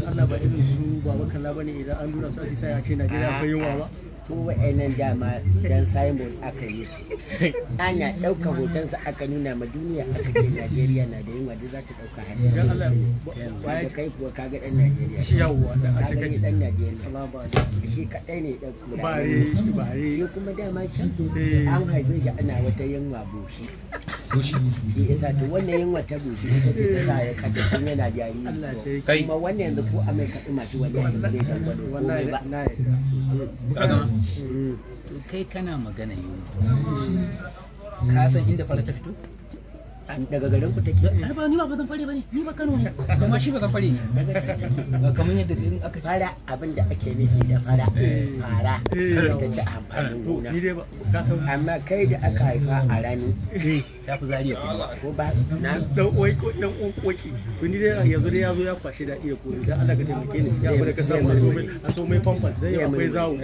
dan Allah ba irin su baba ba bane idan an nuna su a sai a ce Najeriya akwai ba su wa'annan dama dan simon aka yi su ana ɗauka hotonsa aka nuna ma duniya aka ce najeriya na da yunwa duk za ta ɗauka hannun yanzu da kai kuwa kaga ɗan najeriya k'a ni ɗan najeriya shi kaɗai ne ɗan kurare shi kuma dama can eh. an haife shi ana wata yunwa bushi shi isa to wannan yunwa ta bushi ita ce sa ya kaɗa tun yana jariri kuma wannan yanzu ko amai kaɗi masu wani yanzu zai dangwado komai ba to kai kana magana yau ka san inda fara ta fito daga garin ku take ai ba ni ba bazan fare bane ni ba Kano ne da shi bazan fare ne daga kamar yadda in aka fara abin da ake nufi da fara eh. fara eh. ta ci amfanin gona amma kai da aka haifa a rani ya eh. fi zariya kuma ko ba na dan uwai ko dan uwan koki ni dai yanzu dai yazo ya kwashi da iya dan Allah ka taimake ni ya ka samu so mai so mai pampas dai akwai zawo